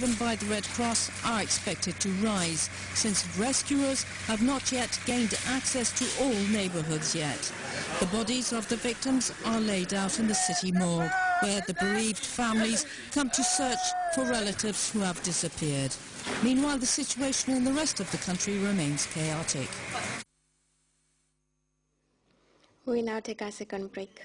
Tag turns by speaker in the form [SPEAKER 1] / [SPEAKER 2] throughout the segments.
[SPEAKER 1] given by the Red Cross are expected to rise, since rescuers have not yet gained access to all neighbourhoods yet. The bodies of the victims are laid out in the city morgue, where the bereaved families come to search for relatives who have disappeared. Meanwhile, the situation in the rest of the country remains chaotic.
[SPEAKER 2] We now take our second break.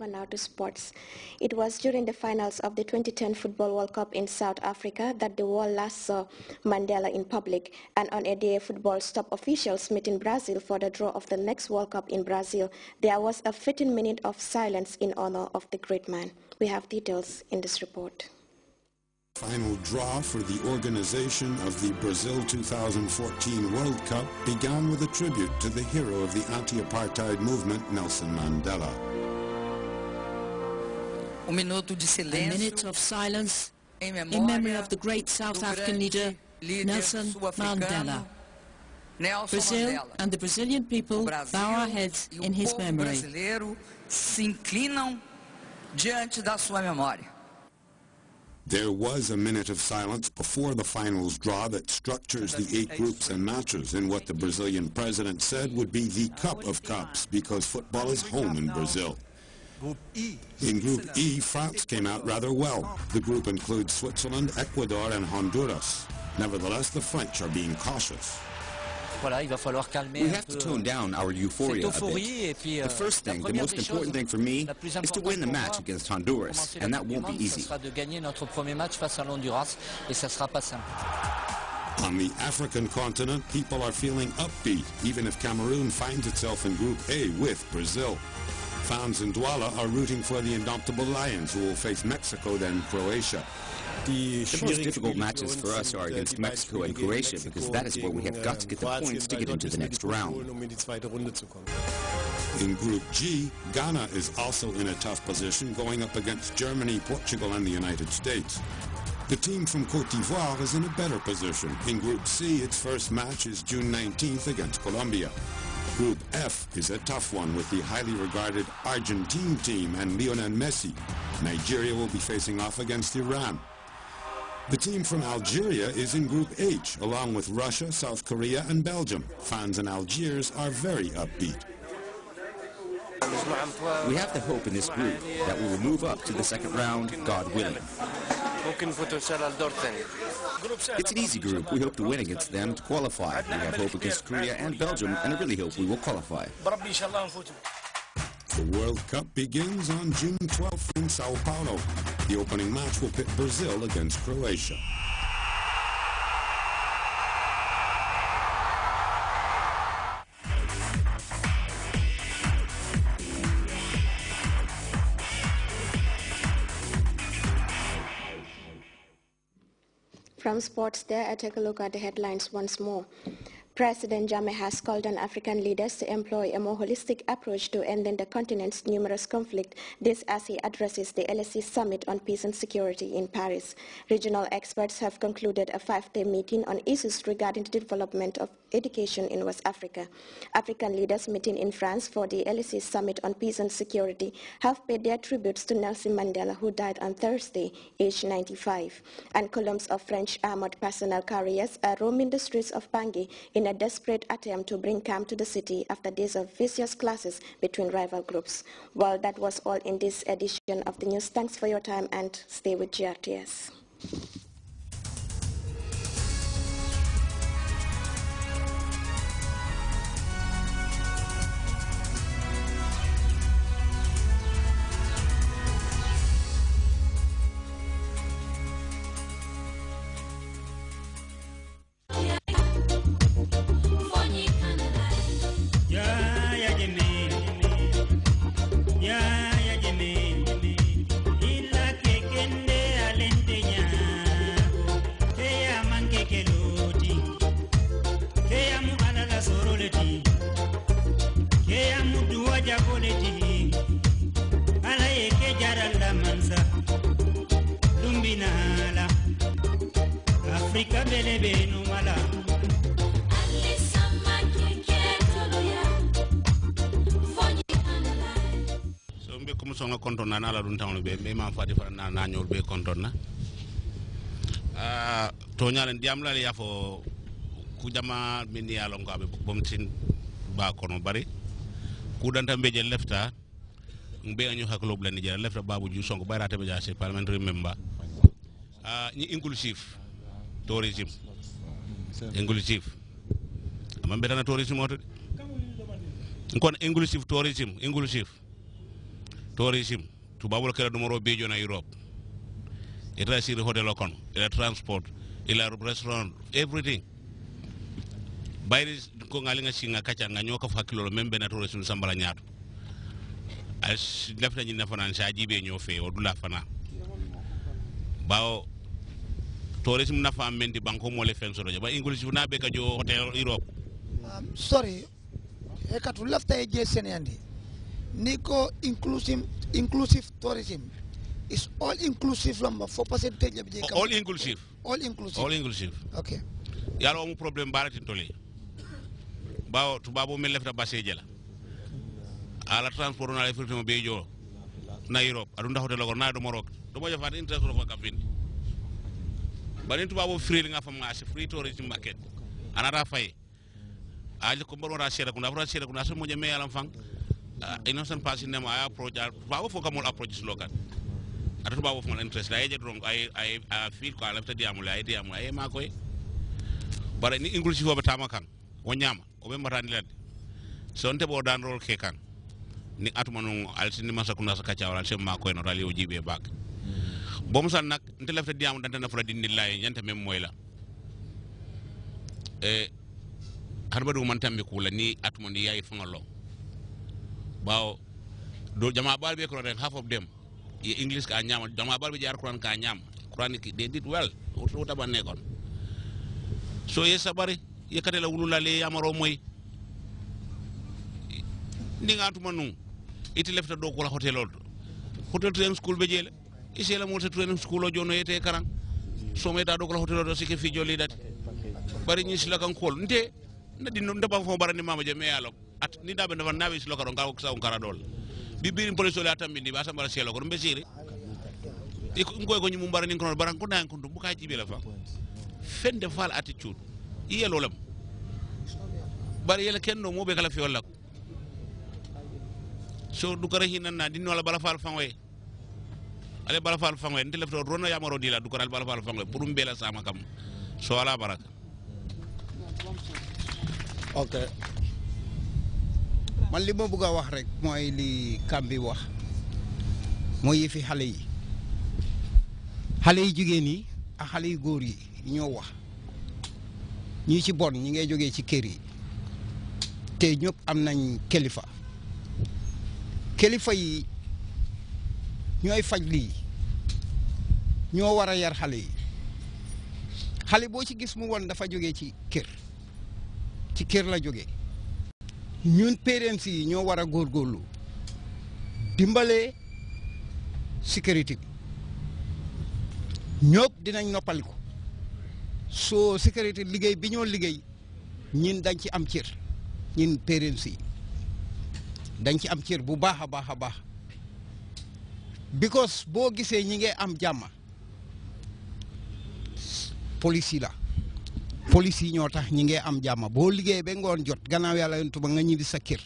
[SPEAKER 2] over now to sports. It was during the finals of the 2010 Football World Cup in South Africa that the world last saw Mandela in public, and on a day football stop officials met in Brazil for the draw of the next World Cup in Brazil, there was a 15 minute of silence in honor of the great man. We have details in this report.
[SPEAKER 1] Final draw for the organization of the Brazil 2014 World Cup began with a tribute to the hero of the anti-apartheid movement, Nelson Mandela.
[SPEAKER 3] Um minuto de silêncio. A minute
[SPEAKER 1] of silence em memória in memory of the great South African leader Nelson Mandela. Nelson Brazil Mandela. and the Brazilian people bow our heads in his memory. se inclinam diante da sua memória. There was a minute of silence before the finals draw that structures the eight groups and matches in what the Brazilian president said would be the cup of cups because football is home in Brazil. In Group E, France came out rather well. The group includes Switzerland, Ecuador and Honduras. Nevertheless, the French are being cautious.
[SPEAKER 2] We have to tone down
[SPEAKER 1] our euh, euphoria a bit. The euh, first thing, the most important thing for me, is to win the match against Honduras, and that won't be easy. On the African continent, people are feeling upbeat, even if Cameroon finds itself in Group A with Brazil fans in Douala are rooting for the indomitable Lions, who will face Mexico, then Croatia. The most difficult matches for us are against Mexico and Croatia, because that is where we have got to get the points to get into the next round. In Group G, Ghana is also in a tough position, going up against Germany, Portugal and the United States. The team from Cote d'Ivoire is in a better position. In Group C, its first match is June 19th against Colombia. Group F is a tough one with the highly regarded Argentine team and Lionel Messi. Nigeria will be facing off against Iran. The team from Algeria is in Group H, along with Russia, South Korea, and Belgium. Fans in Algiers are very upbeat. We have the hope in this group that we will move up to the second round, God willing. It's an easy group. We hope to win against them to qualify. We have hope against Korea and Belgium, and I really hope we will qualify. The World Cup begins on June 12th in Sao Paulo. The opening match will pit Brazil against Croatia.
[SPEAKER 2] from spots there, I take a look at the headlines once more. President Jammeh has called on African leaders to employ a more holistic approach to ending the continent's numerous conflict, this as he addresses the LSE Summit on Peace and Security in Paris. Regional experts have concluded a five-day meeting on issues regarding the development of education in West Africa. African leaders meeting in France for the LSE Summit on Peace and Security have paid their tributes to Nelson Mandela, who died on Thursday, aged 95. And columns of French armored personnel carriers are roaming the streets of Bangui in a desperate attempt to bring camp to the city after days of vicious clashes between rival groups. Well, that was all in this edition of the news. Thanks for your time and stay with GRTS.
[SPEAKER 4] be comme songa konton na ala dun tawno be be ma fati fara na na nyol be na ah to nyalen diam la ya fo ku jama min ya lo ngabe bom tin ba no bari ku danta be je lefta be anyu haklo bla ni je lefta babu ju songo bayra te be ja se parliamentary member ah ni inclusive tourism inclusive amambe be tourism oto kon inclusive tourism inclusive tourism tubabol kela dumoro bejo na europe ita siri hotel okon ila transport ila restaurant everything bayri ko ngali nga singa kacha nga nyoka fakilolo membe na tourism sambala nyaato as lafta nyina fanan sa jibe nyo fe odula fana bawo tourism na fa mendi banko mo le fen soro ba english na be ka jo hotel europe
[SPEAKER 3] um, sorry e katu lafta e je senandi Nico inclusive inclusive tourism is all inclusive lamba fo percentage of the all inclusive all inclusive all inclusive okay
[SPEAKER 4] yaro mu problem barati tole bawo babo mel lefta basse la ala transport na lefta mo bejo na europe adu ndaxote logo na do morok do mo jafat interest ro fa kafin bani babo free nga fam nga free tourism market anara fay aje ko mbon ra sera ko na wara sera ko na so mo jeme yalam fang uh, innocent person them I approach I fo kamol approach is local ata to babo fo interest ay je drong ay ay a feel ko alafta diamul ay diamul ay ma koy bara ni english fo batama kan o nyama o be matani ladde so onte bo dan rol ke kan ni atuma no alsini masa kuna saka cha wala sem ma koy no rali o jibe bak mm. bom san nak nte lafta diamul dantana fula dinni lay nyanta mem moy la e harba du man tambe kula ni atuma ni yayi fangalo bawo do jama balbe ko ren half of them e english ka nyama jama balbe a quran ka nyam quran ki they did well to ta banne kon ye sabari ye kadela wulula le amaro moy ni ngantuma nu iti lefta do ko la hotel old hotel train school be jele isela mo train school o jono yete karang so meta do ko la hotel old sike fi joli dat bari ni sila kan kol nte ndadi ndaba fo barani mama je me yalok at ni da benda na wis lokaro ngaw sa on karadol bi birin police la tambi ya ni basa mara selo ko mbesiri ngoy ko ni mum barani ko baran ko nan ko buka jibe la fa fende fal attitude Iya lolam bari yela kenno mo be kala fi wala so du kara hinan na dinno la bala fal fanwe ale bala fal fanwe ndele to rono ya maro dila du kara bala fal fanwe pour mbela sama kam so ala baraka
[SPEAKER 3] okay man li ma bëgg wax rek mooy li Kambi wax mooy yëfi xale yi xale yi jigéen yi ak xale yi góor yi ñoo wax ñi ci bon ñi ngay jógee ci kër yi te ñëpp am nañ kilifa kilifa yi ñooy faj lii ñoo war a yar xale yi xale boo ci gis mu won dafa jógee ci kër ci kër la jógee ñun parents yi ñoo war a góorgóorlu dimbale sécurité bi ñoom dinañ noppaliku soo sécurité liggéey bi ñoo liggéey ñiin dañ ci am cër ñiin parents yi dañ ci am cër bu baax a baax a baax because boo gisee ñi ngay am jàmm police Polisi yi ñoo tax ñi ngi am jamm bo liggéey be ngoon jot gannaaw yàlla yontu nga ñi di sa kër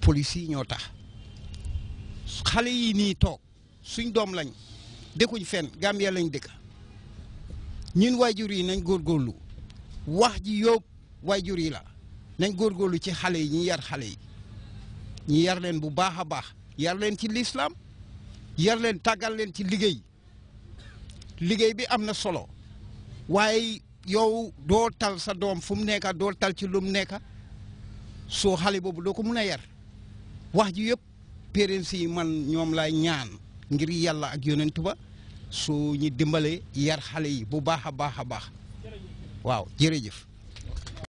[SPEAKER 3] police yi ñoo tax xale yi nii toog suñ doom lañ dëkkuñ fenn Gambia lañ dëkk ñun wajur yi nañ góorgóorlu wax ji wajur yi la nañ góorgóorlu ci xale yi ñi yar xale yi ñi yar leen bu baax a baax yar leen ci lislaam yar leen tàggal leen ci liggéey liggéey bi am na solo waaye yow doo tal sa doom fu mu nekk doo tal ci lu mu nekk soo xale boobu doo ko mun a yar wax ji yëpp parents yi man ñoom lay ñaan ngir yàlla ak yonent ba su ñi dimbalee yar xale yi bu baax a baax a baax waaw jërëjëf.